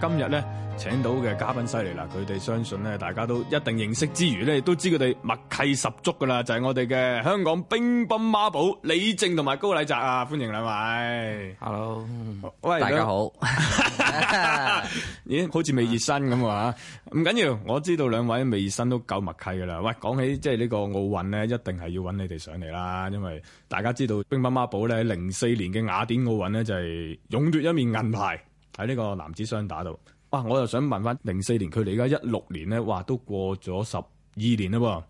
今日咧，請到嘅嘉賓犀利啦！佢哋相信咧，大家都一定認識之餘咧，都知佢哋默契十足噶啦，就係、是、我哋嘅香港乒乓孖寶李靜同埋高禮澤啊！歡迎兩位。Hello，喂，大家好。咦、 欸，好似未熱身咁啊！唔緊要，我知道兩位未熱身都夠默契噶啦。喂，講起即係呢個奧運咧，一定係要揾你哋上嚟啦，因為大家知道乒乓孖寶咧，零四年嘅雅典奧運咧就係、是、勇奪一面銀牌。喺呢個男子雙打度，哇！我又想問翻，零四年距離而家一六年咧，哇，都過咗十二年嘞噃。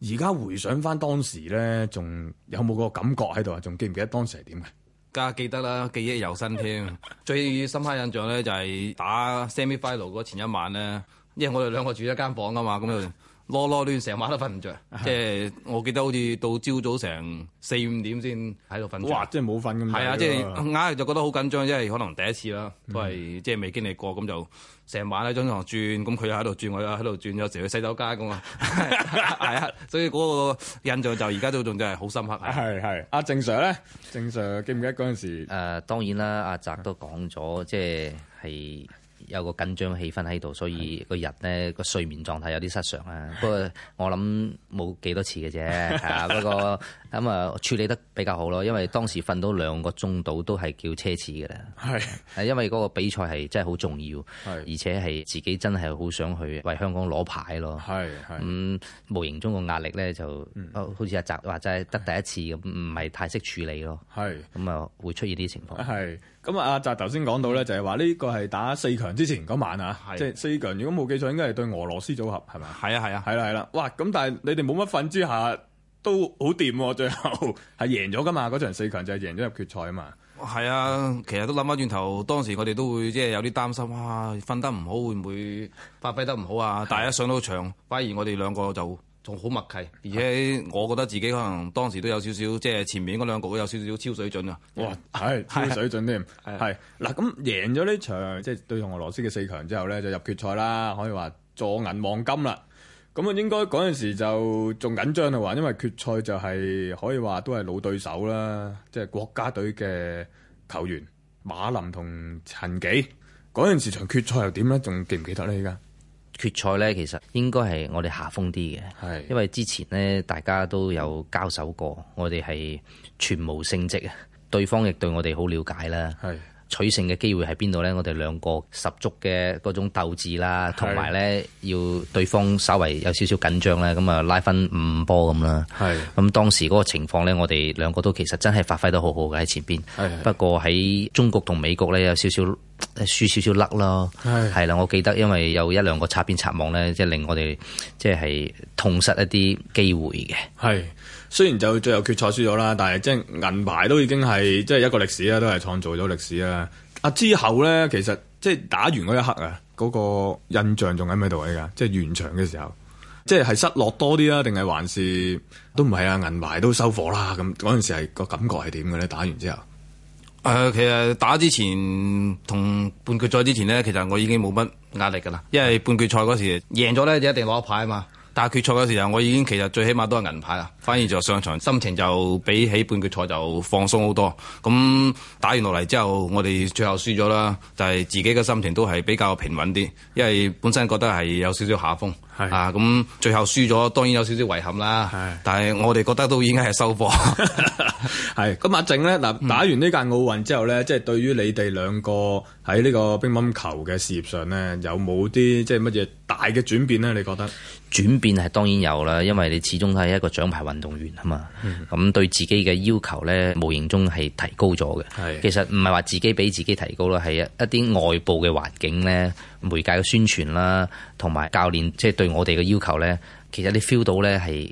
而家回想翻當時咧，仲有冇個感覺喺度啊？仲記唔記得當時係點嘅？梗係記得啦，記憶猶新添。 最深刻印象咧就係打 semi final 嗰前一晚咧，因為我哋兩個住一間房噶嘛，咁。 攞攞亂成晚都瞓唔着。的即係我記得好似到朝早成四五點先喺度瞓。哇！即係冇瞓咁樣。啊，即係硬係就覺得好緊張，即係可能第一次啦，都係即係未經歷過，咁就成晚喺張床轉，咁佢又喺度轉，我又喺度轉，有時去洗手間咁啊。係啊， 所以嗰個印象就而家都仲真係好深刻。係係。 阿正常咧？正常記唔記得嗰陣時？誒、呃、當然啦，阿澤都講咗，即係係。有個緊張氣氛喺度，所以個日咧，個睡眠狀態有啲失常啊。 不過我諗冇幾多次嘅啫，嚇、嗯。不過咁啊，處理得比較好咯，因為當時瞓到兩個鐘度都係叫奢侈嘅啦。係係、 嗯、因為嗰個比賽係真係好重要， 而且係自己真係好想去為香港攞牌咯。係係，咁無形中個壓力咧就好似、 嗯、阿澤話就係得第一次咁，唔係太識處理咯。係咁啊，會出現啲情況。係。 咁啊，阿澤頭先講到咧，就係話呢個係打四強之前嗰晚啊，是啊即係四強如果冇記錯應該係對俄羅斯組合係咪？係啊係啊，係啦係啦，哇！咁但係你哋冇乜瞓之下都好掂喎，最後係贏咗㗎嘛，嗰場四強就係贏咗入決賽啊嘛。係啊，其實都諗返轉頭，當時我哋都會即係有啲擔心，啊，瞓得唔好會唔會發揮得唔好啊？是啊但係一上到場，反而我哋兩個就～同好默契，而且我覺得自己可能當時都有少少，即係前面嗰兩局都有少少超水準啊！哇，係超水準添，係嗱咁贏咗呢場，即係對同俄羅斯嘅四強之後咧，就入決賽啦，可以話坐銀望金啦。咁啊，應該嗰陣時就仲緊張啊，話因為決賽就係可以話都係老對手啦，即係國家隊嘅球員馬琳同陳玘。嗰陣時場決賽又點咧？仲記唔記得咧？而家？決賽咧，其實應該係我哋下風啲嘅，是的 因為之前咧大家都有交手過，我哋係全無勝績啊，對方亦對我哋好了解啦。取勝嘅機會喺邊度呢？我哋兩個十足嘅嗰種鬥志啦，同埋呢是的 要對方稍微有少少緊張呢，咁啊拉返五五波咁啦。係。咁當時嗰個情況呢，我哋兩個都其實真係發揮得好好嘅喺前邊。是的 不過喺中國同美國呢，有少少輸少少甩咯。係。係啦，我記得因為有一兩個擦邊擦網呢，即係令我哋即係痛失一啲機會嘅。係。雖然就最後決賽輸咗啦，但係即係銀牌都已經係即係一個歷史啦，都係創造咗歷史啦。啊之後咧，其實即係打完嗰一刻啊，嗰個印象仲喺咪度嚟㗎，即係完場嘅時候，即係係失落多啲啦，定係還是都唔係啊？銀牌都收貨啦，咁嗰陣時係個感覺係點嘅咧？打完之後，誒、呃，其實打之前同半決賽之前咧，其實我已經冇乜壓力噶啦，因為半決賽嗰時贏咗咧就一定攞一牌啊嘛。打決賽嘅時候，我已經其實最起碼都係銀牌啦。反而就上場心情就比起半決賽就放鬆好多。咁打完落嚟之後，我哋最後輸咗啦，但、就、係、是、自己嘅心情都係比較平穩啲，因為本身覺得係有少少下風是啊。咁最後輸咗，當然有少少遺憾啦。是但係我哋覺得都已經係收貨。 係咁阿靜咧，嗱打完呢屆奧運之後咧，即係、嗯、對於你哋兩個喺呢個乒乓球嘅事業上咧，有冇啲即係乜嘢大嘅轉變咧？你覺得？轉變係當然有啦，因為你始終都係一個獎牌運動員啊嘛，咁、嗯、對自己嘅要求呢，無形中係提高咗嘅。的其實唔係話自己俾自己提高啦，係一啲外部嘅環境呢，媒介嘅宣傳啦，同埋教練，即係對我哋嘅要求呢。其實你 feel 到呢，係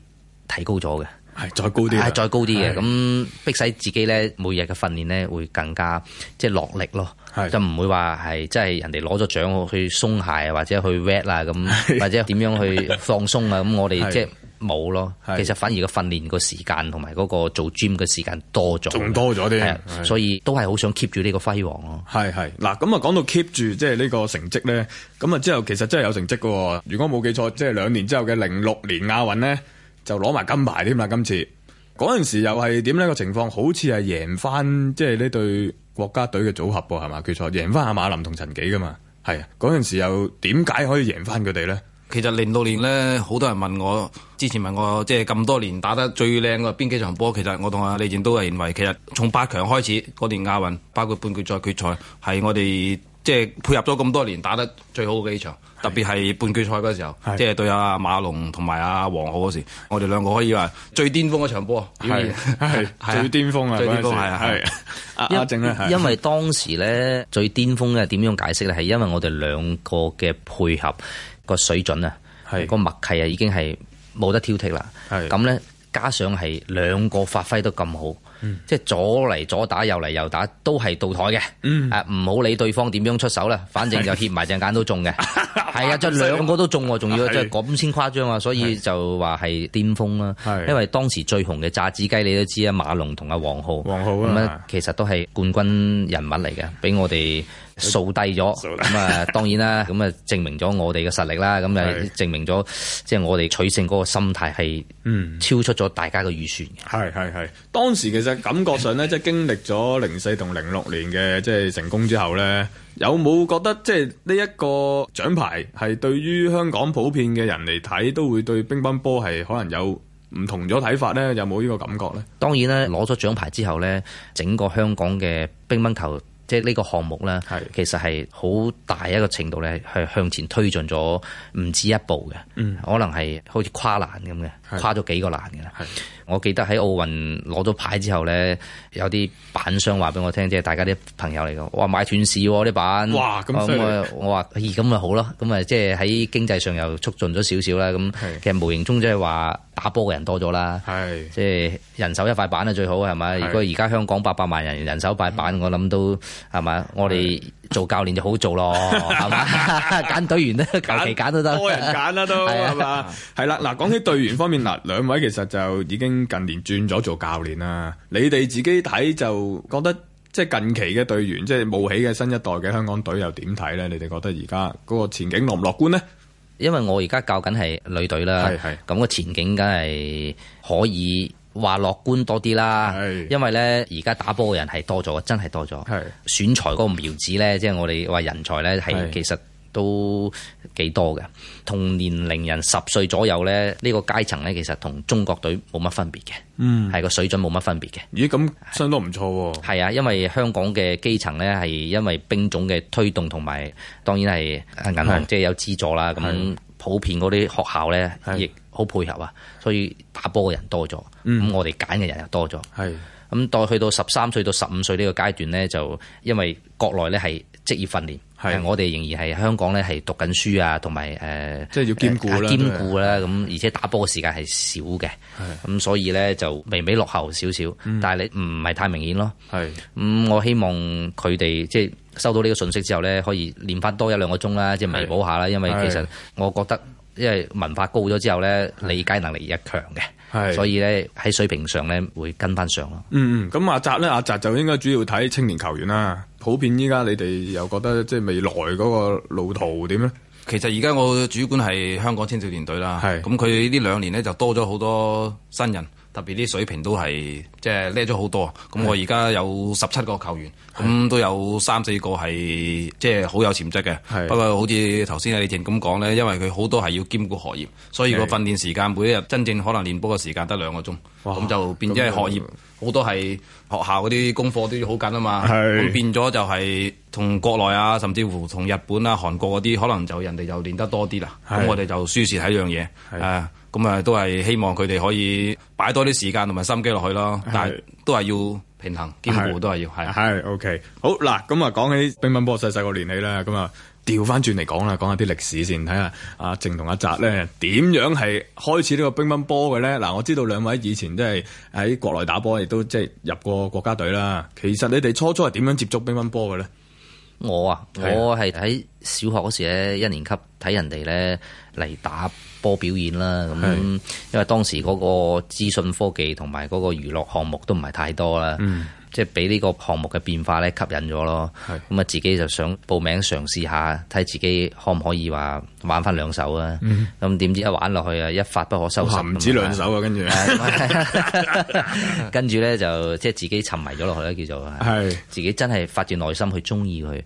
提高咗嘅。係再高啲，係再高啲嘅，咁逼使自己咧，每日嘅訓練咧會更加即係落力咯，就唔會話係即係人哋攞咗獎去鬆懈啊，或者去 wet 啊咁，或者點樣去放鬆啊，咁我哋即係冇咯。其實反而個訓練個時間同埋嗰個做 gym 嘅時間多咗，仲多咗啲，所以都係好想 keep 住呢個輝煌咯。係係嗱，咁啊講到 keep 住即係呢個成績咧，咁啊之後其實真係有成績噶。如果冇記錯，即係兩年之後嘅零六年亞運咧。就攞埋金牌添啦！今次嗰陣時又係點呢？個情況？好似係贏翻即係呢對國家隊嘅組合噃，係嘛，決賽贏翻阿馬琳同陳玘噶嘛係啊？嗰陣時又點解可以贏翻佢哋呢？其實零六年呢，好多人問我，之前問我，即係咁多年打得最靚嘅邊幾場波？其實我同阿李靜都係認為，其實從八強開始嗰年亞運，包括半決賽、決賽，係我哋。即係配合咗咁多年，打得最好嘅幾場，特別係半決賽嗰時候，即係對阿馬龍同埋阿王浩嗰時，我哋兩個可以話最巔峰嗰場波，係係最巔峰啊，最巔峰係啊，阿正因為當時咧最巔峰咧點樣解釋咧？係因為我哋兩個嘅配合個水準啊，係個默契啊，已經係冇得挑剔啦。咁咧，加上係兩個發揮得咁好。嗯、即係左嚟左打，右嚟右打，都係倒台嘅。誒、嗯，唔好、啊、理對方點樣出手啦，嗯、反正就瞌埋隻眼都中嘅。係 啊，即係兩個都中、啊，仲要即係咁先誇張啊！所以就話係巔峰啦、啊。係是，因為當時最紅嘅炸子雞，你都知啊，馬龍同阿王浩，是王浩啊，嗯、其實都係冠軍人物嚟嘅，俾我哋。掃低咗，咁啊，當然啦，咁啊，證明咗我哋嘅實力啦，咁啊，證明咗即係我哋取勝嗰個心態係超出咗大家嘅預算嘅。係係係，當時其實感覺上呢，即係經歷咗零四同零六年嘅即係成功之後呢，有冇覺得即係呢一個獎牌係對於香港普遍嘅人嚟睇都會對乒乓波係可能有唔同咗睇法呢？有冇呢個感覺呢？當然呢，攞咗獎牌之後呢，整個香港嘅乒乓球，即係呢個項目咧，其實係好大一個程度咧，係向前推進咗唔止一步嘅，嗯、可能係好似跨欄咁嘅。跨咗幾個難嘅啦，的我記得喺奧運攞咗牌之後咧，有啲板商話俾我聽，即係大家啲朋友嚟嘅、啊啊，我話買斷市喎啲板，哇、欸、咁，我話，咦咁咪好咯，咁咪即係喺經濟上又促進咗少少啦，咁其實無形中即係話打波嘅人多咗啦，的即係人手一塊板啊最好係咪？的如果而家香港八百萬人人手一塊板，的我諗都係咪？我哋做教練就好做咯，係咪？揀隊員呢？求其揀都得，多人揀啦都係嘛？係啦，嗱講起，起隊員方面。嗱，兩位其實就已經近年轉咗做教練啦。你哋自己睇就覺得，即係近期嘅隊員，即係冒起嘅新一代嘅香港隊，又點睇呢？你哋覺得而家嗰個前景樂唔樂觀呢？因為我而家教緊係女隊啦，係係。咁個前景梗係可以話樂觀多啲啦。係，因為呢，而家打波嘅人係多咗，真係多咗。係，選材嗰個苗子呢，即係我哋話人才呢，係其實。都幾多嘅同年齡人十歲左右呢，呢、呢個階層呢，其實同中國隊冇乜分別嘅，係個、嗯、水準冇乜分別嘅。咦，咁相當唔錯喎，啊？係啊，因為香港嘅基層呢，係因為兵種嘅推動同埋，當然係銀行即係、啊、有資助啦。咁的普遍嗰啲學校呢，亦好配合啊，的所以打波嘅人多咗。咁、嗯、我哋揀嘅人又多咗。係咁的，的到去到十三歲到十五歲呢個階段呢，就因為國內呢係職業訓練。係是我哋仍然係香港咧，係讀緊書啊，同埋誒，呃、即係要兼顧啦、啊，兼顧啦咁，對而且打波嘅時間係少嘅，咁是、嗯、所以咧就微微落後少少，嗯、但係你唔係太明顯咯。係咁是、嗯，我希望佢哋即係收到呢個信息之後咧，可以練返多一兩個鐘啦，即係彌補下啦，是因為其實我覺得。因為文化高咗之後咧，理解能力一強嘅，係是所以咧喺水平上咧會跟返上咯。嗯嗯，咁阿澤咧，阿澤就應該主要睇青年球員啦。普遍依家你哋又覺得即係未來嗰個路途點咧？其實而家我主管係香港青少年隊啦。係咁是，佢呢兩年咧就多咗好多新人。特別啲水平都係即係叻咗好多啊！咁是我而家有十七個球員，咁是都有三四個係即係好有潛質嘅。是不過好似頭先啊，李靜咁講呢，因為佢好多係要兼顧學業，所以個訓練時間是每一日真正可能練波嘅時間得兩個鐘，咁哇就變咗係學業好多係學校嗰啲功課都要好緊啊嘛。咁是變咗就係同國內啊，甚至乎同日本啊、韓國嗰啲，可能就人哋就練得多啲啦。咁我哋就輸蝕係一樣嘢，誒是。是啊。咁啊，都係希望佢哋可以擺多啲時間同埋心機落去咯。但係都係要平衡兼顧，的都係要係係 OK 好嗱。咁啊，講起乒乓波細細個年紀啦，咁啊調翻轉嚟講啦，講下啲歷史先睇下。阿靜同阿澤咧，點樣係開始個冰冰呢個乒乓波嘅咧？嗱，啊，我知道兩位以前即係喺國內打波，亦都即係入過國家隊啦。其實你哋初初係點樣接觸乒乓波嘅咧？我啊，我係喺小學嗰時咧，一年級睇人哋咧嚟打波表演啦。咁樣，因為當時嗰個資訊科技同埋嗰個娛樂項目都唔係太多啦。嗯即係俾呢個項目嘅變化咧吸引咗咯，咁啊是自己就想報名嘗試下，睇自己可唔可以話玩翻兩手啊？咁點知一玩落去啊，一發不可收拾，唔止兩手啊！跟住， 跟住咧就即係自己沉迷咗落去，叫做係是自己真係發自內心去中意佢，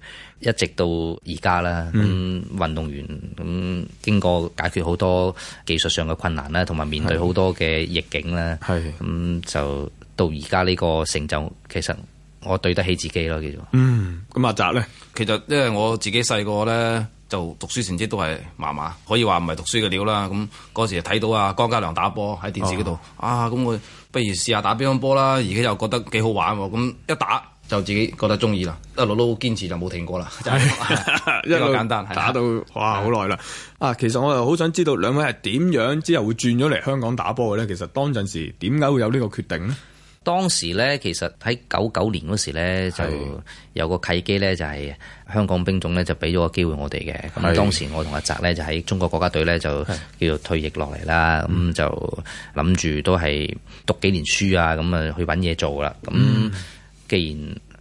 一直到而家啦。咁、嗯嗯、運動員咁、嗯、經過解決好多技術上嘅困難啦，同埋面對好多嘅逆境啦，咁、嗯、就。就就就就就就就到而家呢個成就，其實我對得起自己咯，叫做。嗯，咁阿澤咧，其實因為我自己細個咧就讀書成績都係麻麻，可以話唔係讀書嘅料啦。咁嗰時睇到阿江家良打波喺電視嗰度，哦、啊，咁我不如試下打乒乓波啦。而家又覺得幾好玩喎，咁一打就自己覺得鍾意啦，一路都堅持就冇停過啦，一路的 簡單 打到哇好耐啦。的啊，其實我又好想知道兩位係點樣之後會轉咗嚟香港打波嘅咧？其實當陣時點解會有呢個決定呢？當時咧，其實喺九九年嗰時咧的，就有個契機咧，就係香港兵種咧就俾咗個機會我哋嘅。咁的當時我同阿澤咧就喺中國國家隊咧就叫做退役落嚟啦。咁的、嗯、就諗住都係讀幾年書啊，咁啊去搵嘢做啦。咁、嗯、既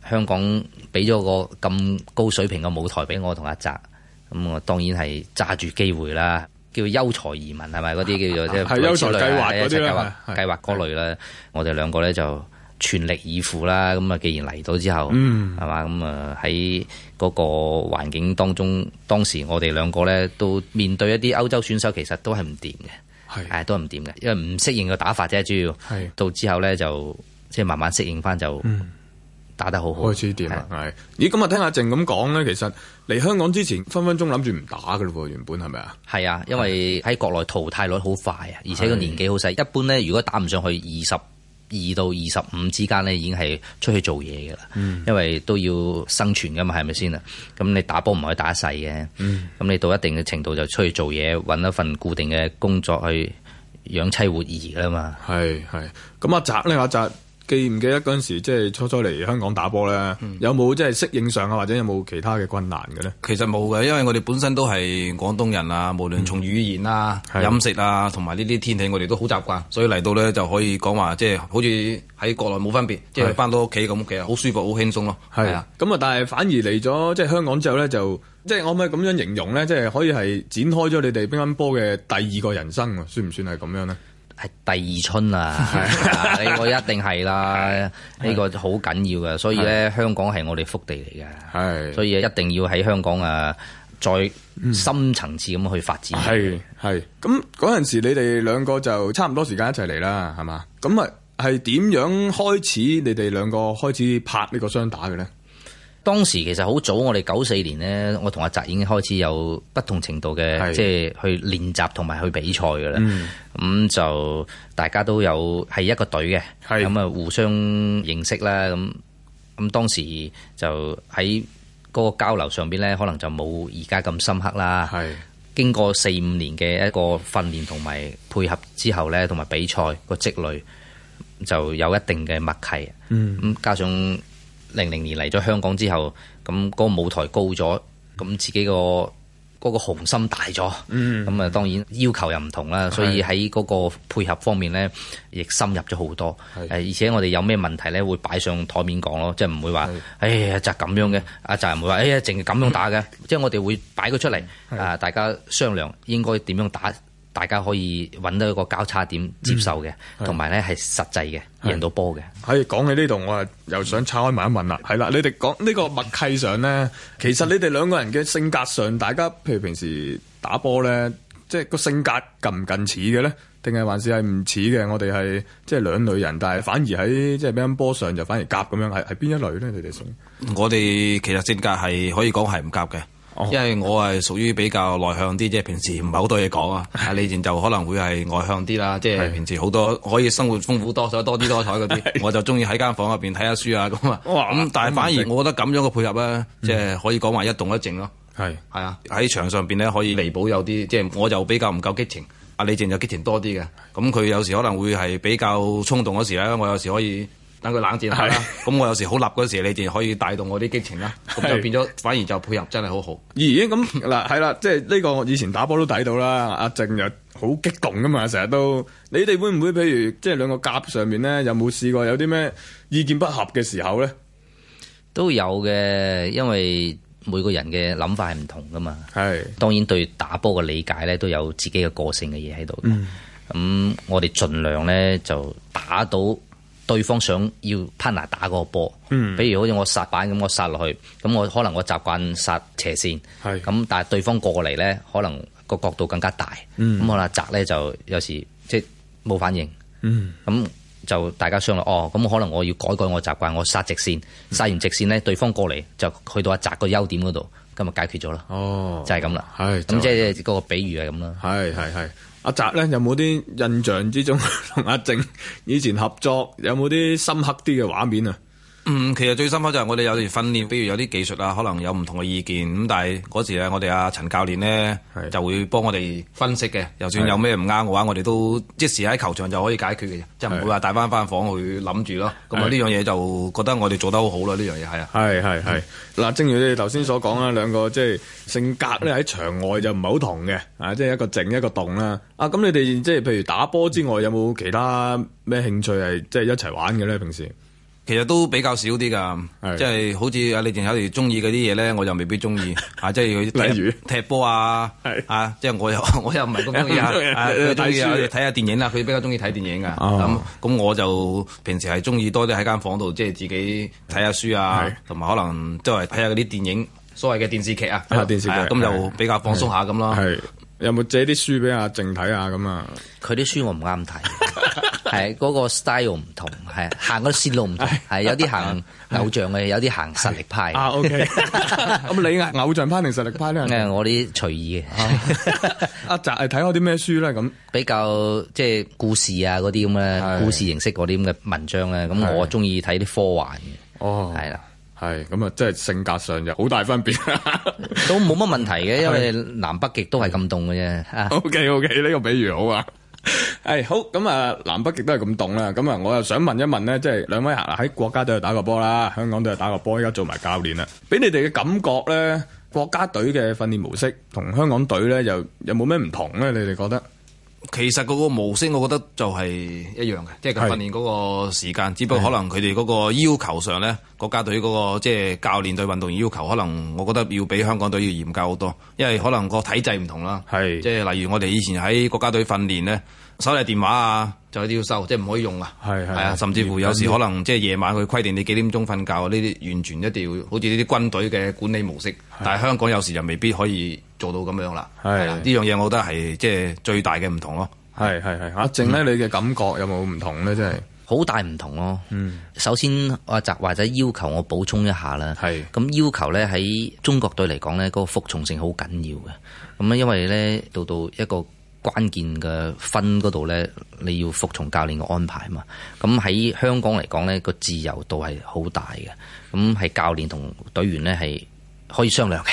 然香港俾咗個咁高水平嘅舞台俾我同阿澤，咁我當然係揸住機會啦。叫優才移民係咪嗰啲叫做是即係優才嗰啲類啊？一齊計劃計劃嗰類啦。我哋兩個咧就全力以赴啦。咁啊，既然嚟到之後，係嘛，咁啊，喺嗰個環境當中，當時我哋兩個咧都面對一啲歐洲選手，其實都係唔掂嘅，係是都係唔掂嘅，因為唔適應個打法啫，主要是是到之後咧就即係慢慢適應翻就。嗯打得好好，開始點啊？係、哎、咦，今日聽阿靜咁講咧，其實嚟香港之前分分鐘諗住唔打噶咯，原本係咪啊？係啊，因為喺國內淘汰率好快啊，而且個年紀好細，啊、一般咧如果打唔上去二十二到二十五之間咧，已經係出去做嘢噶啦，嗯、因為都要生存噶嘛，係咪先啊？咁你打波唔可以打一世嘅，咁、嗯嗯、你到一定嘅程度就出去做嘢，搵一份固定嘅工作去養妻活兒噶嘛。係係、啊，咁阿澤呢？阿、啊、澤。啊記唔記得嗰陣時，即係初初嚟香港打波咧，嗯、有冇即係適應上啊，或者有冇其他嘅困難嘅咧？其實冇嘅，因為我哋本身都係廣東人啊，無論從語言啊、嗯、飲食啊，同埋呢啲天氣，我哋都好習慣，所以嚟到咧就可以講話，即係好似喺國內冇分別，即係翻到屋企咁樣，好舒服、好輕鬆咯。係啊，咁啊，但係反而嚟咗即係香港之後咧，就即係我可唔可以咁樣形容咧，即係可以係展開咗你哋乒乓波嘅第二個人生喎，算唔算係咁樣咧？係第二春啊！呢個 一定係啦，呢個好緊要嘅，所以咧香港係我哋福地嚟嘅，是所以一定要喺香港啊，再深層次咁去發展、嗯。係係，咁嗰陣時你哋兩個就差唔多時間一齊嚟啦，係嘛？咁啊，係點樣開始你哋兩個開始拍個雙呢個雙打嘅咧？當時其實好早，我哋九四年呢，我同阿澤已經開始有不同程度嘅，的即係去練習同埋去比賽噶啦。咁、嗯嗯、就大家都有係一個隊嘅，咁啊的互相認識啦。咁、嗯、咁、嗯、當時就喺嗰個交流上邊呢，可能就冇而家咁深刻啦。的經過四五年嘅一個訓練同埋配合之後呢，同埋比賽個積累就有一定嘅默契。咁、嗯、加上。零零年嚟咗香港之後，咁嗰個舞台高咗，咁自己、個嗰個雄心大咗，咁啊當然要求又唔同啦，所以喺嗰個配合方面呢，亦深入咗好多。而且我哋有咩問題呢？會擺上台面講咯，即係唔會話是、哎，哎呀就咁樣嘅，阿澤就係唔會話，哎呀淨係咁樣打嘅， 即係我哋會擺佢出嚟，啊大家商量應該點樣打。大家可以揾到一個交叉點接受嘅，同埋咧係實際嘅贏到波嘅。係講起呢度，我係又想拆開問一問啦。係啦，你哋講呢個默契上咧，其實你哋兩個人嘅性格上，大家譬如平時打波咧，即係個性格近唔近似嘅咧？定係還是係唔似嘅？我哋係即係兩類人，但係反而喺即係比緊波上就反而夾咁樣，係係邊一類咧？你哋成，我哋其實性格係可以講係唔夾嘅。Oh. 因為我係屬於比較內向啲，即係平時唔係好多嘢講 啊。阿李靜就可能會係外向啲啦，即係 平時好多可以生活豐富多彩 多姿多彩嗰啲， 我就中意喺間房入邊睇下書啊咁啊。咁 但係反而我覺得咁樣嘅配合咧，即係 可以講話一動一靜咯。係係啊，喺場上邊咧可以彌補有啲，即係 我就比較唔夠激情。阿、啊、李靜就激情多啲嘅，咁佢 有時可能會係比較衝動嗰時咧，我有時可以。等佢冷靜下啦，咁是我有時好立嗰時，你哋可以帶動我啲激情啦，咁就變咗反而就配合真係好好。咦、欸，咁嗱係啦，即係呢個以前打波都睇到啦，阿、啊、靜又好激動噶嘛，成日都。你哋會唔會譬如即係、就是、兩個夾上面咧，有冇試過有啲咩意見不合嘅時候咧？都有嘅，因為每個人嘅諗法係唔同噶嘛。係是當然對打波嘅理解咧，都有自己嘅個性嘅嘢喺度。嗯，咁、嗯、我哋儘量咧就打到。對方想要 partner 打嗰個波，比如好似我殺板咁，我殺落去，咁我可能我習慣殺斜線，咁是但係對方過嚟呢，可能個角度更加大，咁、嗯、我阿澤呢，就有時即冇、就是、反應，咁、嗯、就大家商量，哦，咁可能我要改改我習慣，我殺直線，嗯、殺完直線呢，對方過嚟就去到阿澤個優點嗰度。咁咪解決咗囉。哦，就係咁啦，咁即係個比喻係咁啦。係係係，阿澤咧有冇啲印象之中同 阿靜以前合作有冇啲深刻啲嘅畫面啊？嗯，其實最深刻就係我哋有時訓練，比如有啲技術啊，可能有唔同嘅意見咁。但係嗰時啊，我哋阿陳教練咧是就會幫我哋分析嘅。就算有咩唔啱嘅話，是我哋都即時喺球場就可以解決嘅，是即係唔會話帶翻翻房去諗住咯。咁啊是，呢樣嘢就覺得我哋做得好好咯，呢樣嘢係啊，係係係。嗱，正如你頭先所講啦，是兩個即係、就是、性格咧喺場外就唔係好同嘅，啊，即係一個靜一個動啦。啊，咁你哋即係譬如打波之外，有冇其他咩興趣係即係一齊玩嘅咧？平時其實都比較少啲噶，即係好似啊，你仲有啲中意嗰啲嘢咧，我就未必中意啊。即係佢例如踢波啊，啊，即係我又我又唔係咁中意啊。佢睇書睇下電影啦，佢比較中意睇電影噶。咁咁我就平時係中意多啲喺間房度，即係自己睇下書啊，同埋可能都係睇下嗰啲電影，所謂嘅電視劇啊，電視劇咁就比較放鬆下咁咯。有冇借啲書俾阿靜睇下咁啊？佢啲書我唔啱睇，係嗰個 style 唔同，係行個線路唔同，係有啲行偶像嘅，有啲行實力派。啊，OK，咁你偶像派定實力派咧？誒，我啲隨意嘅。阿澤係睇我啲咩書咧？咁比較即係故事啊，嗰啲咁咧，故事形式嗰啲咁嘅文章咧，咁我中意睇啲科幻嘅。哦，係啦。係咁啊，即係、哎、性格上又好大分別， 都冇乜問題嘅，因為南北極都係咁凍嘅啫。OK OK，呢個比喻好啊。誒、 哎，好，咁啊，南北極都係咁凍啦。咁啊，我又想問一問咧，即係兩位喺國家隊又打過波啦，香港隊打過波，依家做埋教練啦，俾你哋嘅感覺咧，國家隊嘅訓練模式同香港隊咧又有冇咩唔同咧？你哋覺得？其實嗰個模式，我覺得就係一樣嘅，即係訓練嗰個時間，是只不過可能佢哋嗰個要求上呢，國家隊嗰個即係教練對運動員要求，可能我覺得要比香港隊要嚴格好多，因為可能個體制唔同啦。係即係例如我哋以前喺國家隊訓練呢。手提電話啊，就一定要收，即係唔可以用啊。係係啊，甚至乎有時可能即係夜晚佢規定你幾點鐘瞓覺，呢啲完全一定要好似呢啲軍隊嘅管理模式。是是但係香港有時就未必可以做到咁樣啦。係呢是、啊、樣嘢我覺得係即係最大嘅唔同咯。係係係。阿靜呢，嗯、你嘅感覺有冇唔同咧？真係好大唔同咯、啊。嗯，首先阿澤或者要求我補充一下啦。係是。咁要求咧，喺中國隊嚟講咧，嗰、嗰個服從性好緊要嘅。咁咧，因為咧到到一個。關鍵嘅分嗰度呢，你要服從教練嘅安排嘛。咁喺香港嚟講呢，個自由度係好大嘅。咁係教練同隊員呢，係可以商量嘅。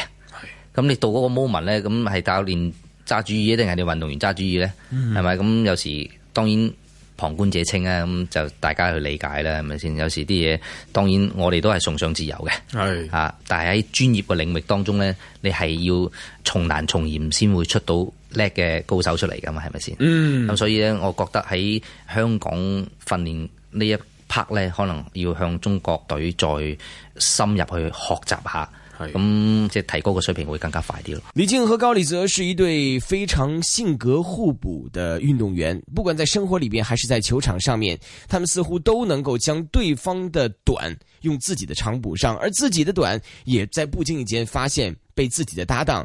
咁是你到嗰個 moment 呢，咁係教練揸主意，定係你運動員揸主意呢？係咪、嗯？咁有時當然旁觀者清啊，咁就大家去理解啦，係咪先？有時啲嘢當然我哋都係崇尚自由嘅，係是啊，但係喺專業嘅領域當中呢，你係要從難從嚴先會出到。叻嘅高手出嚟噶嘛，係咪先？咁、嗯嗯、所以呢，我覺得喺香港訓練呢一 part 呢，可能要向中國隊再深入去學習下，咁是的、嗯、即係提高個水平會更加快啲咯。李靜和高禮澤是一對非常性格互補的運動員，不管在生活裏邊還是在球場上面，他們似乎都能夠將對方的短用自己的長補上，而自己的短也在不經意間發現被自己的搭檔。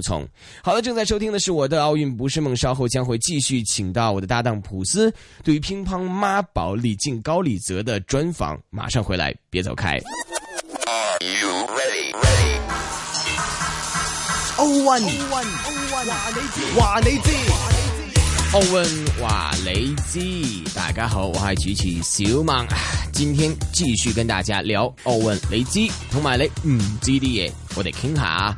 從 好了，正在收聽的是我的奧運不是夢，稍後將會繼續請到我的搭檔普斯，對於乒乓孖寶李靜高禮澤的專訪，馬上回來，別走開。Are you ready? Ready? 奧運，話你知，話你知，奧運話你知。大家好，我係主持小孟，今天繼續跟大家聊奧運雷茲同埋雷唔知啲嘢，我哋傾下。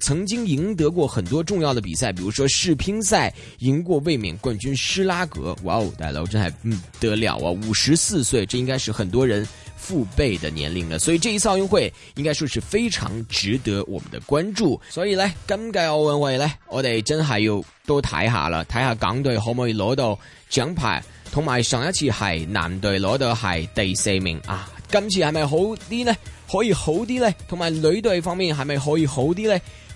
曾經贏得過很多重要的比賽，比如說世乒賽贏過衛冕冠軍施拉格。哇哦，大佬真係唔得了啊，五十四歲，這應該是很多人父輩的年齡了。所以這一次奧運會應該說是非常值得我們的關注。所以呢，今屆奧運會呢，我哋真係要多睇下啦，睇下港隊可唔可以攞到獎牌，同埋上一次係男隊攞到係第四名啊，今次係咪好啲呢？可以好啲呢？同埋女隊方面係咪可以好啲呢？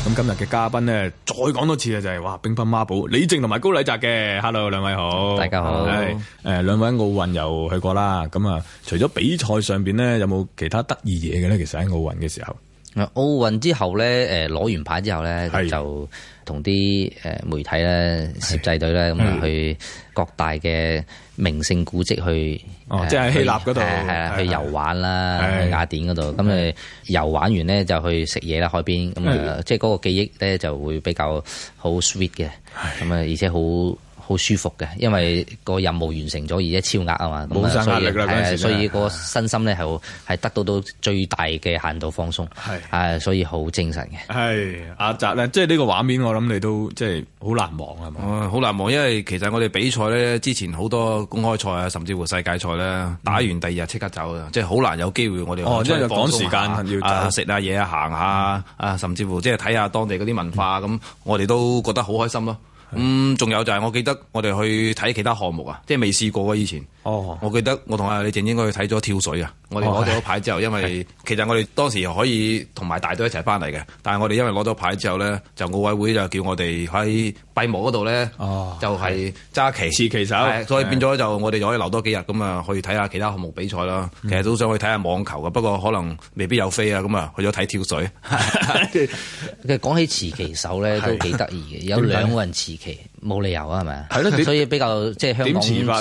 咁今日嘅嘉賓咧，再講多次啊、就是，就係哇，乒乓孖寶李靜同埋高禮澤嘅，hello 兩位好，大家好，係誒兩位奧運又去過啦，咁啊，除咗比賽上邊咧，有冇其他得意嘢嘅咧？其實喺奧運嘅時候。奧運之後咧，誒、呃、攞完牌之後咧，就同啲誒媒體咧攝製隊咧咁啊去各大嘅名勝古迹去，哦、呃、即係希臘嗰度，係係的去遊玩啦，的去雅典嗰度，咁啊遊玩完咧就去食嘢啦海邊，咁啊即係嗰個記憶咧就會比較好 sweet 嘅，咁啊的的而且好。好舒服嘅，因為個任務完成咗，而且超額啊嘛，冇壓力所以個身心咧係係得到到最大嘅限度放鬆，係係是所以好精神嘅。係阿澤咧，即係呢個畫面，我諗你都即係好難忘啊！哦、嗯，好吧難忘，因為其實我哋比賽咧之前好多公開賽啊，甚至乎世界賽咧、嗯、打完第二日即刻走，即係好難有機會我哋哦，即係趕時間要食下嘢啊，下行下啊，甚至乎即係睇下當地嗰啲文化咁，嗯嗯、我哋都覺得好開心咯。嗯，仲有就係我記得，我哋去睇其他項目啊，即係未試過啊，以前。哦，oh, oh。我記得我同阿李靜應該去睇咗跳水啊！我哋攞咗牌之後，因為其實我哋當時可以同埋大隊一齊翻嚟嘅，但係我哋因為攞咗牌之後咧，就奧委會就叫我哋喺閉幕嗰度咧，就係揸旗旗手，所以變咗就我哋就可以留多幾日咁啊，去睇下其他項目比賽啦。嗯、其實都想去睇下網球嘅，不過可能未必有飛啊，咁啊去咗睇跳水。 其實講起持旗手咧，都幾得意嘅，的有兩個人持旗。冇理由啊，係咪啊？所以比較即係香港法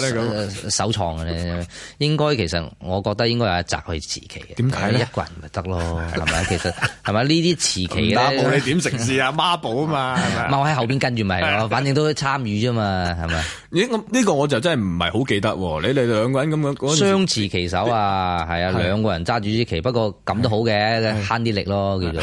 首創嘅咧，應該其實我覺得應該有一集去持旗嘅。點解一個人咪得咯，係咪？其實係咪呢啲持旗咧？冇你點成事啊？孖寶啊嘛，係咪？我喺後邊跟住咪，反正都參與啫嘛，係咪？咦？咁呢個我就真係唔係好記得喎。你哋兩個人咁樣，雙持旗手啊，係啊，兩個人揸住支旗，不過咁都好嘅，慳啲力咯叫做。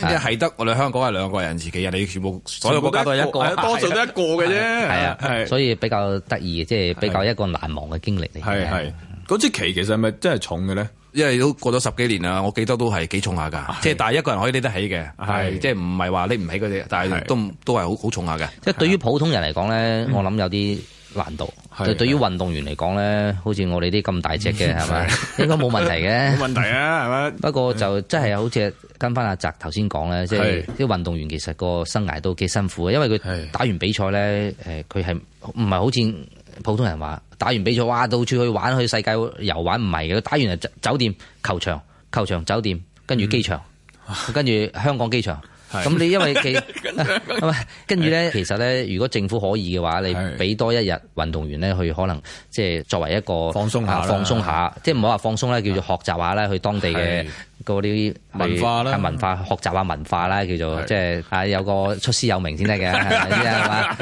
即係得我哋香港係兩個人持旗啊，你全部所有國家都係一個，多數都一個嘅啫。係啊，係所以比較得意嘅，即係比較一個難忘嘅經歷嚟。係係，嗰支旗其實係咪真係重嘅咧？因為都過咗十幾年啦，我記得都係幾重下噶。即係但係一個人可以拎得起嘅，係即係唔係話拎唔起嗰啲，但係都都係好好重下嘅。即係對於普通人嚟講咧，我諗有啲。難度，是就對於運動員嚟講呢，的好似我哋啲咁大隻嘅，係咪？ 應該冇問題嘅。冇問題啊，係咪？ 不過就真係好似跟翻阿澤頭先講呢，的即係啲運動員其實個生涯都幾辛苦嘅，因為佢打完比賽呢，誒的，佢係唔係好似普通人話打完比賽哇，到處去玩去世界遊玩唔係嘅，打完就酒店、球場、球場、酒店，跟住機場，跟住、嗯、 香港機場。咁你因為其，咁啊 跟住咧，其實咧，如果政府可以嘅話，你俾多一日運動員咧，佢可能即係作為一個放鬆下，呃、放鬆下，即係唔好話放鬆啦，叫做學習下啦，去當地嘅嗰啲文化啦，文化學習下文化啦，叫做即係啊，有個出師有名先得嘅，係咪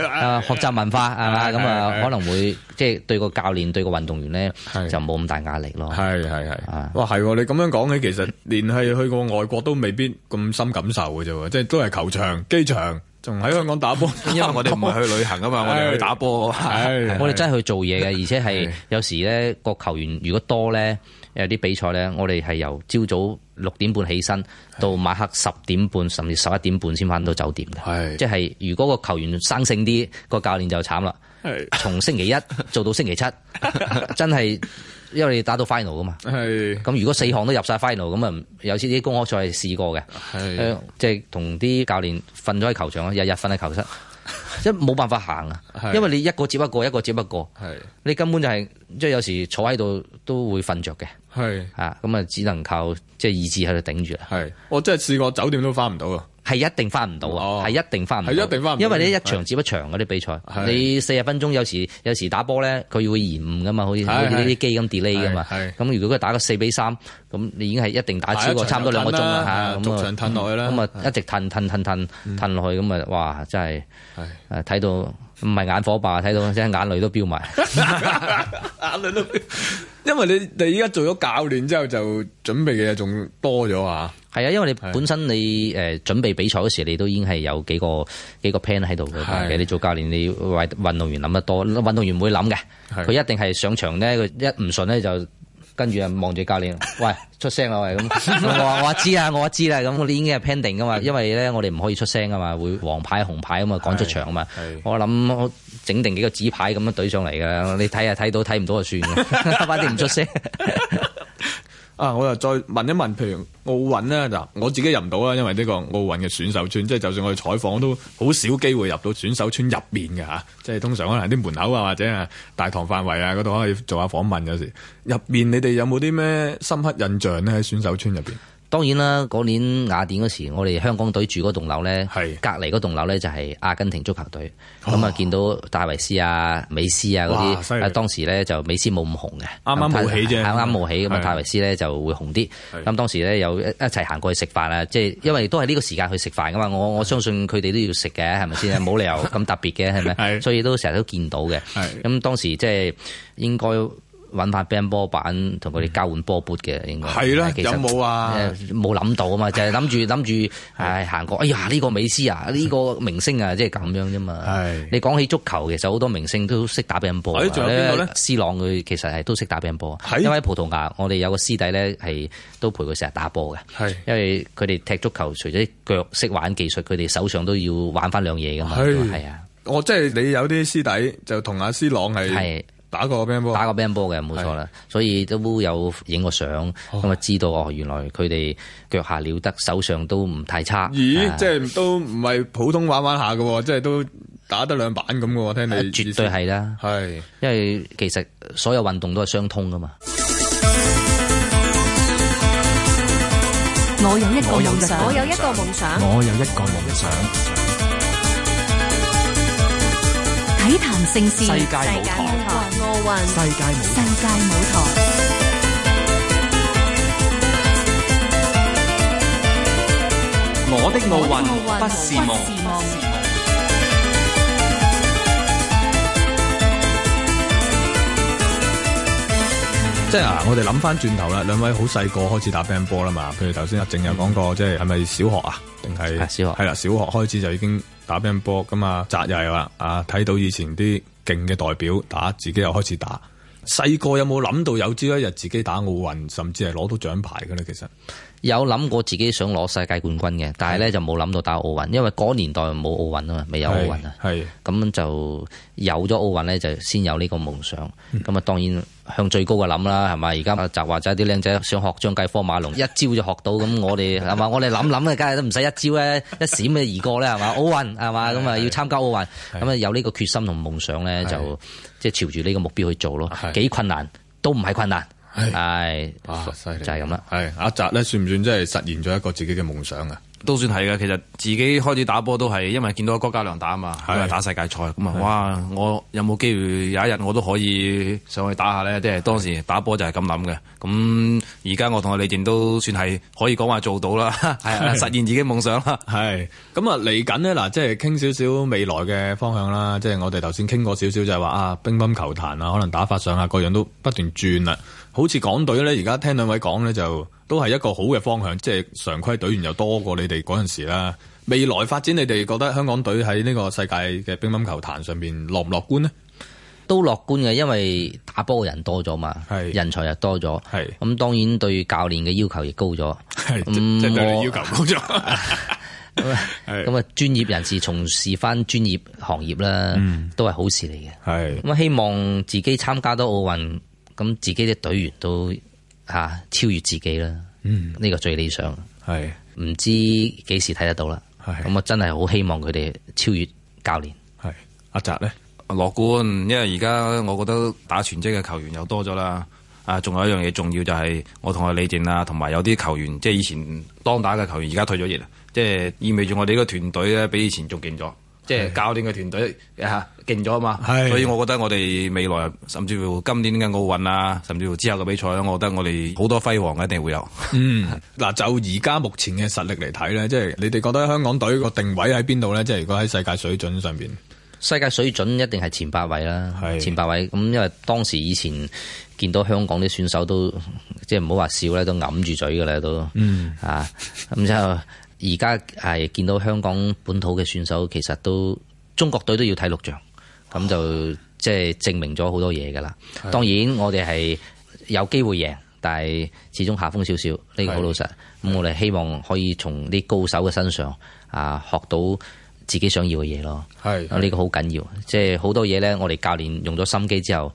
啊？學習文化啊？咁啊，可能會即係對個教練、對個運動員咧，就冇咁大壓力咯。係係係，哇，係你咁樣講起，其實連係去過外國都未必咁深感受嘅啫，即係都係球場、機場，仲喺香港打波，因為我哋唔係去旅行啊嘛，我哋去打波，我哋真係去做嘢嘅，而且係有時咧個球員如果多咧。有啲比賽咧，我哋係由朝早六點半起身，到晚黑十點半甚至十一點半先返到酒店嘅。是即係如果個球員生性啲，個教練就慘啦。是從星期一做到星期七， 真係因為你打到 final 啊嘛。咁是如果四項都入晒 final，咁啊有時啲公開賽試過嘅，是即係同啲教練瞓咗喺球場啊，日日瞓喺球室。即冇辦法行啊！因為你一個接一個，一個接一個，是的 你根本就係，即係有時坐喺度都會瞓着嘅。係啊，咁啊，只能靠即係意志喺度頂住係，我真係試過酒店都翻唔到啊。係一定翻唔到啊，係一定翻唔到。一定翻唔到，因為咧一場接一場嗰啲比賽，你四十分鐘有時有時打波咧，佢會延誤噶嘛，好似呢啲機咁 delay 噶嘛。咁，如果佢打個四比三，咁你已經係一定打超過差唔多兩個鐘啦吓。咁啊，一直褪褪褪褪褪落去，咁啊，哇！真係睇到唔係眼火爆？睇到真係眼淚都飆埋，眼淚都。因為你你而家做咗教練之後，就準備嘅嘢仲多咗啊！係啊，因為你本身你誒、呃、準備比賽嗰時候，你都已經係有幾個幾個 plan 喺度嘅。的你做教練，你為運動員諗得多，運動員唔會諗嘅，佢的一定係上場呢，一唔順呢，就。跟住啊望住教練，喂出聲啊！喂，咁， 我我知啊，我知啦，咁我，我已經係 pending 噶嘛，因為咧我哋唔可以出聲噶嘛，會黃牌紅牌咁啊趕出場啊嘛，我諗我整定幾個紙牌咁樣懟上嚟噶，你睇下睇到睇唔到就算，反正唔出聲。 啊！我又再問一問，譬如奧運咧，嗱，我自己入唔到啦，因為呢個奧運嘅選手村，即係就算我去採訪，我都好少機會入到選手村入邊嘅吓。即係通常可能啲門口啊，或者啊大堂範圍啊嗰度可以做下訪問有時。入邊你哋有冇啲咩深刻印象咧？喺選手村入邊？當然啦，嗰年雅典嗰時，我哋香港隊住嗰棟樓咧，隔離嗰棟樓咧就係阿根廷足球隊。咁啊，見到戴維斯啊、美斯啊嗰啲，啊當時咧就美斯冇咁紅嘅，啱啱冒起啫，啱啱冒起。咁啊，戴維斯咧就會紅啲。咁當時咧有一一齊行過去食飯啊，即係因為都係呢個時間去食飯㗎嘛。我我相信佢哋都要食嘅，係咪先？冇理由咁特別嘅，係咪？所以都成日都見到嘅。咁當時即係應該。揾翻乒乓波板同佢哋交換波撥嘅，應該係啦，其實有冇啊？冇諗到啊嘛，就係諗住諗住，唉行過，哎呀呢個美斯啊，呢個明星啊，即係咁樣啫嘛。係，你講起足球，其實好多明星都識打乒乓波。喺仲有邊個咧？斯朗佢其實係都識打乒乓波。因為葡萄牙，我哋有個師弟咧係都陪佢成日打波嘅。係因為佢哋踢足球，除咗腳識玩技術，佢哋手上都要玩翻兩嘢㗎嘛。係啊，我即係你有啲師弟就同阿斯朗係。打過乒乓波，打過乒乓波嘅冇錯啦，錯是所以都有影個相，咁啊、oh. 知道哦，原來佢哋腳下了得，手上都唔太差。咦，啊、即係都唔係普通玩玩下嘅，即係都打得兩板咁嘅，我聽你絕對係啦，係是，因為其實所有運動都係相通噶嘛。我有一個夢想，我有一個夢想，我有一個夢想，體壇盛世，世界舞台。世界舞台，世界舞台。我的奧運不是夢。即係啊，我哋諗翻轉頭啦，兩位好細個開始打乒乓波啦嘛。譬如頭先阿靜有講過，嗯、即係係咪小學啊，定係小學？係啦，啊，小學開始就已經打乒乓波㗎嘛。扎又話啊，睇到以前啲。勁嘅代表打，自己又開始打。細個有冇諗到有朝一日自己打奧運，甚至係攞到獎牌嘅咧？其實。有諗過自己想攞世界冠軍嘅，但係咧就冇諗到打奧運，因為嗰年代冇奧運啊嘛，未有奧運啊。係咁就有咗奧運咧，就先有呢個夢想。咁啊、嗯，當然向最高嘅諗啦，係咪？而家阿澤或者啲靚仔想學張繼科馬龍、馬龍一招就學到，咁我哋係嘛 我哋諗諗咧，梗係都唔使一招咧，一閃嘅而過咧，係嘛？奧運係嘛？咁啊要參加奧運，咁啊有呢個決心同夢想咧，就即係朝住呢個目標去做咯。幾困難都唔係困難。係啊，犀 利樂就係咁啦。係阿澤咧，算唔算即係實現咗一個自己嘅夢想啊？都算係嘅。其實自己開始打波都係因為見到郭家良打啊嘛，佢係的打世界賽咁啊。的哇！我有冇機會有一日我都可以上去打下咧？即係的當時打波就係咁諗嘅。咁而家我同阿李靜都算係可以講話做到啦，呵呵的實現自己夢想啦。係咁啊！嚟緊呢，嗱，即係傾少少未來嘅方向啦。即係我哋頭先傾過少少就係話啊，乒乓球壇啊，可能打法上啊，各樣都不斷轉啦。好似港隊呢，而家聽兩位講呢，就都係一個好嘅方向，即係常規隊員又多過你哋嗰陣時啦。未來發展，你哋覺得香港隊喺呢個世界嘅乒乓球壇上面樂唔樂觀呢？都樂觀嘅，因為打波嘅人多咗嘛，是人才又多咗，咁是當然對教練嘅要求亦高咗，係即係要求高咗。咁啊，專業人士從事翻專業行業啦，嗯、都係好事嚟嘅。係咁是希望自己參加到奧運。咁自己啲隊員都啊超越自己啦，嗯、呢個最理想。係唔知幾時睇得到啦？係咁，我真係好希望佢哋超越教練。係阿澤呢，樂觀，因為而家我覺得打全職嘅球員又多咗啦。啊，仲有一樣嘢重要就係，我同阿李靜啊，同埋有啲球員，即係以前當打嘅球員，而家退咗役啦，即係意味住我哋呢個團隊呢，比以前仲勁咗。即係教練嘅團隊吓勁咗啊嘛，是所以我覺得我哋未來甚至乎今年嘅奧運啊，甚至乎之後嘅比賽我覺得我哋好多輝煌一定會有。嗯，嗱 就而家目前嘅實力嚟睇呢，即係你哋覺得香港隊個定位喺邊度呢？即係如果喺世界水準上面，世界水準一定係前八位啦，是前八位。咁因為當時以前見到香港啲選手都即係唔好話笑咧，都揞住嘴㗎喇都。嗯啊，咁之後。 而家係見到香港本土嘅選手，其實都中國隊都要睇錄像，咁、哦、就即係證明咗好多嘢噶啦。是的 當然我哋係有機會贏，但係始終下風少少，呢是的 個好老實。咁是的 我哋希望可以從啲高手嘅身上啊學到自己想要嘅嘢咯。係呢是的 個好緊要，即係好多嘢呢。我哋教練用咗心機之後，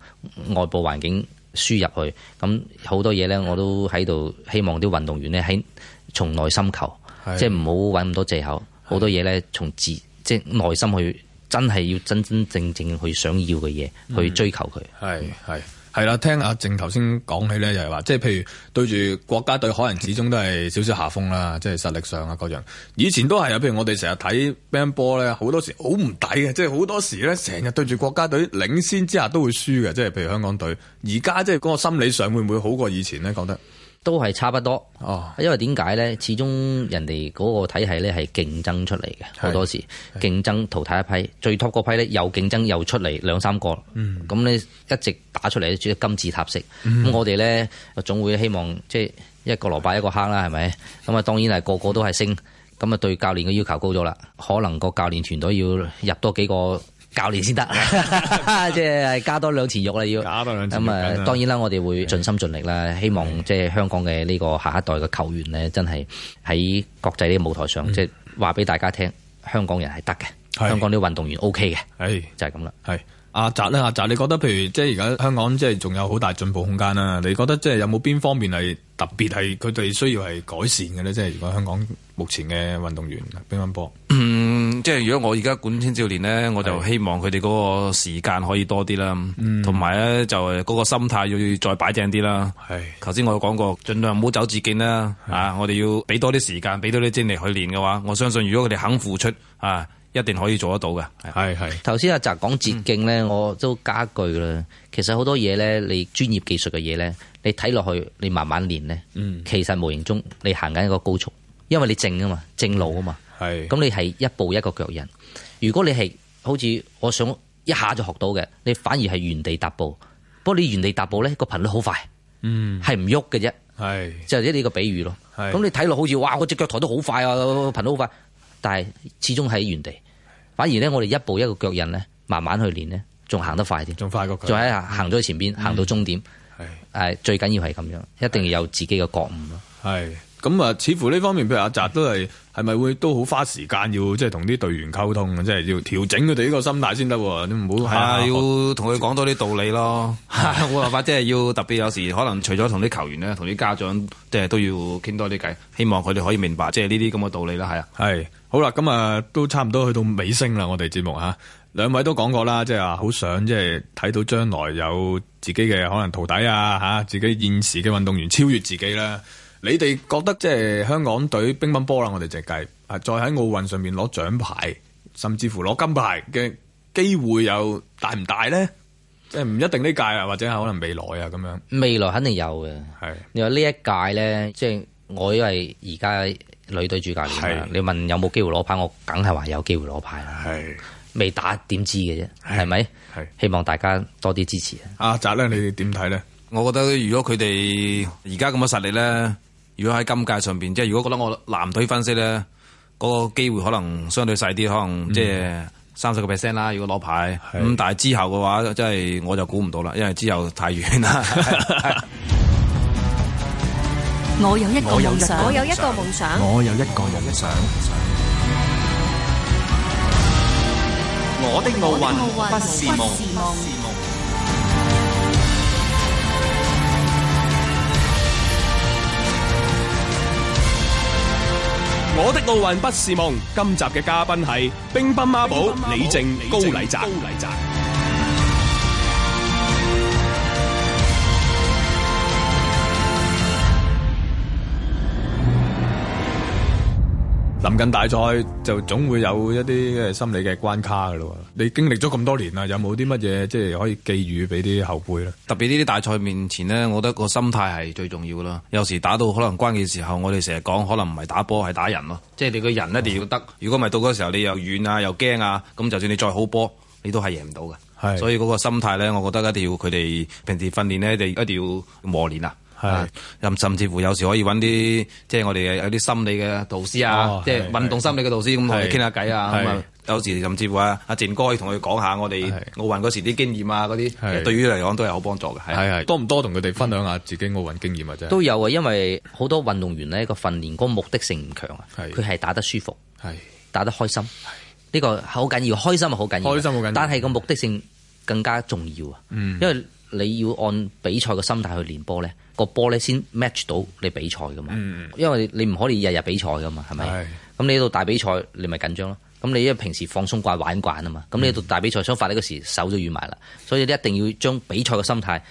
外部環境輸入去咁好多嘢呢，我都喺度希望啲運動員呢喺從內心求。是即係唔好搵咁多借口，好是多嘢咧從自即係內心去，真係要真真正正去想要嘅嘢、嗯、去追求佢。係係係啦，聽阿靜頭先講起咧，就係話即係譬如對住國家隊，可能始終都係少少下風啦，即係 實力上啊嗰樣。以前都係啊，譬如我哋成日睇乒乓波咧，好多時好唔抵嘅，即係好多時咧成日對住國家隊領先之下都會輸嘅，即係譬如香港隊。而家即係嗰個心理上會唔會好過以前咧？覺得？都係差不多，哦，因為點解呢？始終人哋嗰個體系咧係競爭出嚟嘅，好多時競爭淘汰一批，是是最 top 嗰批咧又競爭又出嚟兩三個，咁咧、嗯、一直打出嚟咧，即係金字塔式。咁、嗯、我哋呢，總會希望即係、就是、一個蘿蔔一個坑啦，係咪？咁啊，當然係個個都係升，咁啊對教練嘅要求高咗啦，可能個教練團隊要入多幾個。教練先得，即係 加多兩次肉啦，要加多兩次咁啊！當然啦，對我哋會盡心盡力啦。對希望即係香港嘅呢個下一代嘅球員呢，真係喺國際呢個舞台上，即係話俾大家聽，香港人係得嘅，的香港啲運動員 O K 嘅，的就係咁啦。係阿澤呢？阿澤，你覺得譬如即係而家香港即係仲有好大進步空間啦？你覺得即係有冇邊方面係特別係佢哋需要係改善嘅呢？即係如果香港目前嘅運動員乒乓波？ 即係如果我而家管青少年呢，是我就希望佢哋嗰個時間可以多啲啦，同埋呢就係嗰個心態要再擺正啲啦。係是，頭先我講過，盡量唔好走捷徑啦。是啊，我哋要俾多啲時間，俾多啲精力去練嘅話，我相信如果佢哋肯付出啊，一定可以做得到嘅。係頭先阿澤講捷徑呢，嗯、我都加一句啦。其實好多嘢呢，你專業技術嘅嘢呢，你睇落去，你慢慢練呢。嗯、其實無形中你行緊一個高速，因為你正啊嘛，正路啊嘛。靠靠係，咁是你係一步一個腳印。如果你係好似我想一下就學到嘅，你反而係原地踏步。不過你原地踏步咧，個頻率好快，嗯，係唔喐嘅啫。係是，就呢個比喻咯。係是，咁你睇落好似哇，我隻腳抬得好快啊，頻率好快，但係始終喺原地。反而咧，我哋一步一個腳印咧，慢慢去練咧，仲行得快啲，仲快過佢，仲喺行咗前邊，行到終點。係、嗯、係、呃、最緊要係咁樣，一定要有自己嘅覺悟咯。係是。咁啊，似乎呢方面，譬如阿澤都係，係咪會都好花時間要即係同啲隊員溝通、即係、啊，即係要調整佢哋呢個心態先得，你唔好係要同佢講多啲道理咯，冇辦法，即係要特別有時可能除咗同啲球員咧，同啲家長即係都要傾多啲偈，希望佢哋可以明白即係呢啲咁嘅道理啦，係啊，係，好啦，咁、嗯、啊都差唔多去到尾聲啦，我哋節目吓，兩、啊、位都講過啦，即係啊好想即係睇到將來有自己嘅可能徒弟啊吓、啊，自己現時嘅運動員超越自己啦。你哋覺得即係香港隊乒乓波啦，我哋直計啊，再喺奧運上面攞獎牌，甚至乎攞金牌嘅機會又大唔大咧？即係唔一定呢屆啊，或者係可能未來啊咁樣。未來肯定有嘅。係你話呢一屆咧，即係我因為而家女隊主教練啦，是你問有冇機會攞牌，我梗係話有機會攞牌啦。係是未打點知嘅啫，係咪？係希望大家多啲支持。阿、啊、澤咧，你哋點睇咧？我覺得如果佢哋而家咁嘅實力咧，如果喺今屆上邊，即係如果覺得我藍隊分析咧，嗰、那個機會可能相對細啲，可能即係三十個 percent 啦。如果攞牌，咁的但係之後嘅話，即係我就估唔到啦，因為之後太遠啦。 我有一個夢想，我有一個夢想，我有一個人想，我，夢想我的奧運不是夢。我的奧運不是夢。今集嘅嘉賓係乒乓孖寶李靜、高禮澤、高禮澤。臨近大賽就總會有一啲心理嘅關卡噶咯，你經歷咗咁多年啦，有冇啲乜嘢即係可以寄語俾啲後輩咧？特別呢啲大賽面前咧，我覺得個心態係最重要噶啦。有時打到可能關鍵時候，我哋成日講可能唔係打波係打人咯，即係你個人一定要得。啊、如果唔係到嗰時候你又軟啊又驚啊，咁、啊、就算你再好波，你都係贏唔到嘅。係，所以嗰個心態咧，我覺得一定要佢哋平時訓練咧，就一定要磨練啊。啊，甚甚至乎有時可以揾啲即係我哋有啲心理嘅導師啊，即係運動心理嘅導師咁同你哋傾下偈啊。有時甚至乎啊，阿靜哥可以同佢講下我哋奧運嗰時啲經驗啊，嗰啲對於嚟講都係好幫助嘅。多唔多同佢哋分享下自己奧運經驗啊？都有啊，因為好多運動員呢個訓練個目的性唔強啊，佢係打得舒服，打得開心，呢個好緊要，開心好緊要，開心好緊，但係個目的性更加重要啊，因為。你要按比賽嘅心態去練波呢，個波呢先 match 到你比賽噶嘛。嗯、因為你唔可以日日比賽噶嘛，係咪？咁是你到大比賽你咪緊張咯。咁你因為平時放鬆慣、玩慣啊嘛，咁你到大比賽想發呢個時手都軟埋啦。所以你一定要將比賽嘅心態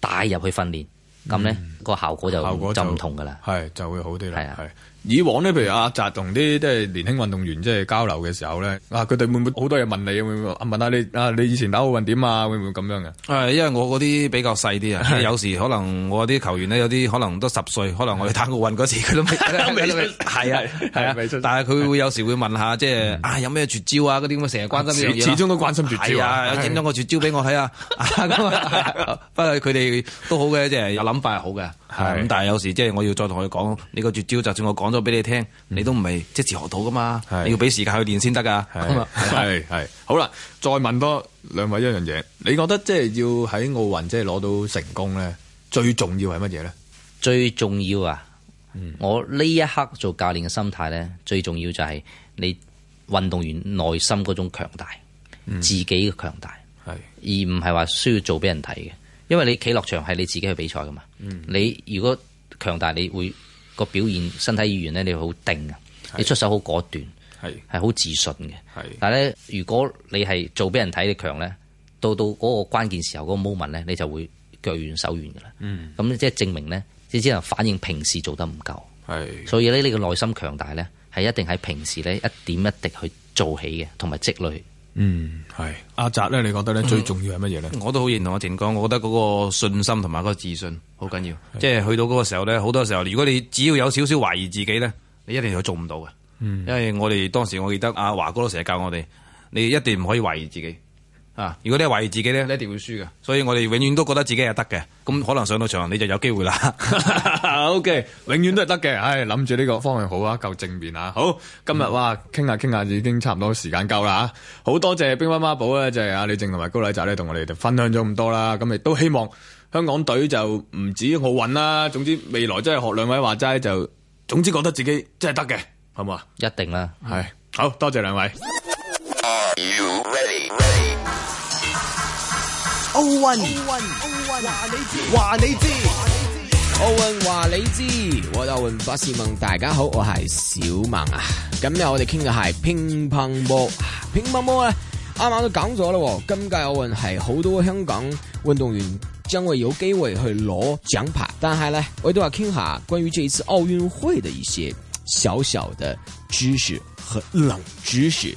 帶入去訓練，咁呢、嗯、個效果就效果就唔同噶啦。係就會好啲啦。係啊。以往呢，譬如阿澤同啲即係年輕運動員即係交流嘅時候咧，啊，佢哋會唔會好多嘢問你？會唔會啊？問下你啊，你以前打奧運點啊？會唔會咁樣嘅？誒，因為我嗰啲比較細啲啊，有時可能我啲球員呢，有啲可能都十歲，可能我哋打奧運嗰時佢都未，都未，係啊係啊，但係佢會有時會問下，即係啊，有咩絕招啊？嗰啲咁啊，成日關心嘅嘢，始終都關心絕招啊！整咗個絕招俾我睇啊！不過佢哋都好嘅，即係有諗法係好嘅，咁。但係有時即係我要再同佢講呢個絕招，就算我講。講咗俾你聽，嗯、你都唔係即時學到噶嘛？是你要俾時間去練先得噶。係係 好啦，再問多兩位一樣嘢。你覺得即係要喺奧運即係攞到成功咧，最重要係乜嘢咧？最重要啊！嗯、我呢一刻做教練嘅心態咧，最重要就係你運動員內心嗰種強大，嗯、自己嘅強大，係是而唔係話需要做俾人睇嘅。因為你企落場係你自己去比賽噶嘛。你、嗯嗯、如果強大，你會。個表現、身體語言咧，你好定啊，你出手好果斷，係係好自信嘅。係但係咧，如果你係做俾人睇你強咧，到到嗰個關鍵時候嗰個 moment 咧，你就會腳軟手軟噶啦。咁、嗯、即係證明咧，你只能反映平時做得唔夠。係嘅，所以咧，你個內心強大咧，係一定喺平時咧一點一滴去做起嘅，同埋積累。嗯，係是阿澤咧，你覺得咧 最重要係乜嘢咧？我都好認同阿靜講，我覺得嗰個信心同埋嗰個自信好緊要。的即係去到嗰個時候咧，好的多時候如果你只要有少少懷疑自己咧，你一定係做唔到嘅。嗯，因為我哋當時我記得阿華哥都成日教我哋，你一定唔可以懷疑自己。啊！如果你係懷疑自己咧，你一定會輸嘅。所以我哋永遠都覺得自己係得嘅，咁可能上到場你就有機會啦。 o、okay, K，永遠都係得嘅。唉，諗住呢個方向好啊，夠正面啊。好，今日哇，傾下傾下已經差唔多時間夠啦。好多謝《乒乓孖寶》咧，就係、是、阿李靜同埋高禮澤咧，同我哋就分享咗咁多啦。咁亦都希望香港隊就唔止奧運啦。總之未來真係學兩位話齋，就總之覺得自己真係得嘅，好唔好啊？一定啦，係好多謝兩位。奧運，奧運，奧運，話你知，話你知，奧運話你知。奧運，各位市民大家好，我係小孟啊。今日我哋傾嘅係乒乓波。乒乓波咧，啱啱都講咗咯。今屆奧運係好多香港運動員將會有機會去攞獎牌，但係咧我哋都要話傾下關於這一次奧運會嘅一些小小嘅知識和冷知識。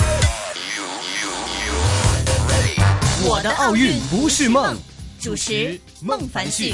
我的奧運不是夢，主持孟凡旭。